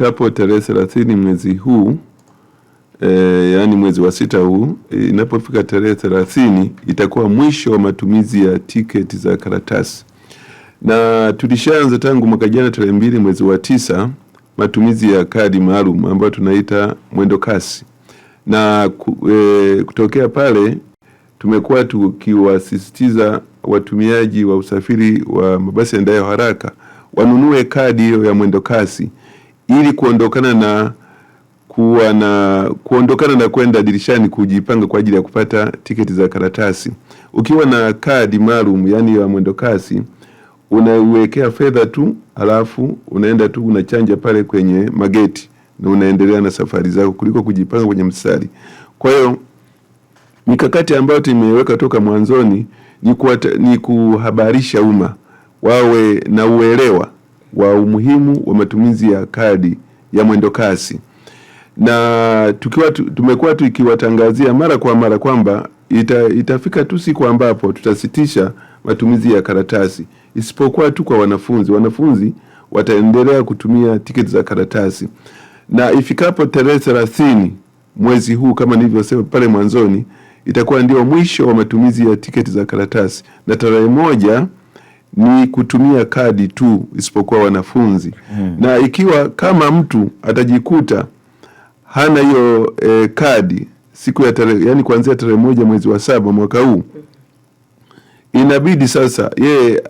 ifikapo tarehe thelathini mwezi huu e, yaani mwezi wa sita huu e, inapofika tarehe thelathini itakuwa mwisho wa matumizi ya tiketi za karatasi, na tulishaanza tangu mwaka jana tarehe mbili mwezi wa tisa matumizi ya kadi maalum ambayo tunaita mwendo kasi, na e, kutokea pale tumekuwa tukiwasisitiza watumiaji wa usafiri wa mabasi yaendayo haraka wanunue kadi hiyo ya mwendo kasi ili kuondokana na kuwa na kuondokana na kwenda dirishani kujipanga kwa ajili ya kupata tiketi za karatasi. Ukiwa na kadi maalum, yani ya mwendokasi, unaiwekea fedha tu, alafu unaenda tu unachanja pale kwenye mageti na unaendelea na safari zako kuliko kujipanga kwenye mstari. Kwa hiyo mikakati ambayo tumeweka toka mwanzoni ni, ni kuhabarisha umma wawe na uelewa wa umuhimu wa matumizi ya kadi ya mwendokasi na tukiwa tumekuwa tukiwatangazia mara kwa mara kwamba ita, itafika tu siku ambapo tutasitisha matumizi ya karatasi isipokuwa tu kwa wanafunzi. Wanafunzi wataendelea kutumia tiketi za karatasi, na ifikapo tarehe thelathini mwezi huu kama nilivyosema pale mwanzoni, itakuwa ndio mwisho wa matumizi ya tiketi za karatasi na tarehe moja ni kutumia kadi tu isipokuwa wanafunzi hmm. Na ikiwa kama mtu atajikuta hana hiyo e, kadi siku ya tarehe, yani kuanzia tarehe moja mwezi wa saba mwaka huu, inabidi sasa yeye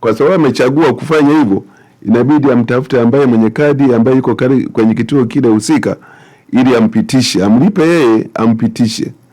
kwa sababu amechagua kufanya hivyo, inabidi amtafute ambaye mwenye kadi ambaye yuko kwenye kituo kile husika, ili ampitishe, amlipe yeye, ampitishe